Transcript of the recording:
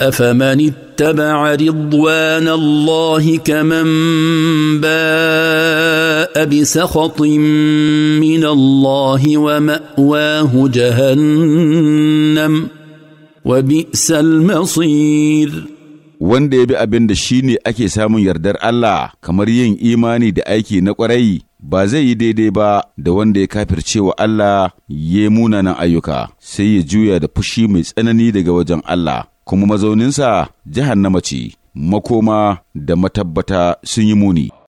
افمن اتبع رضوان الله كمن باء بسخط من الله وماواه جهنم وبئس المصير wanda ya bi abin da shi ne ake samun yardar Allah kamar yin imani da aiki na ƙwarai ba zai yi daidai ba da wanda ya kafirce wa Allah ya munanan ayyuka sai ya juya da fushi mai tsanani daga wajen Allah kuma mazauninsa jihar na mace makoma da matabbata sun yi muni.